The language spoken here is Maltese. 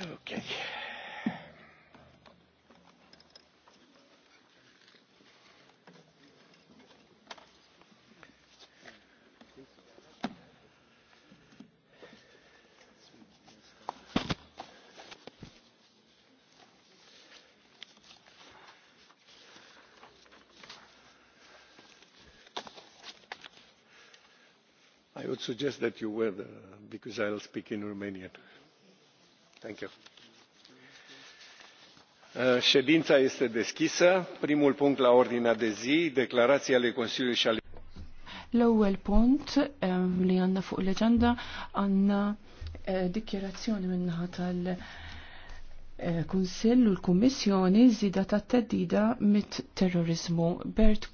Okay. I would suggest that you wear the, because I'll speak in Romanian. Thank you. Uh, ședința este deschisă. Primul punct la ordinea de zi, declarația ale Consiliului și ale L-ewwel punt um, li għandna fuq l-eġenda għandna uh, dikjerazzjoni minnaħa tal-Kunsill uh, u l-Kummissjoni żida tat-teddida mit-terrorizmu Bert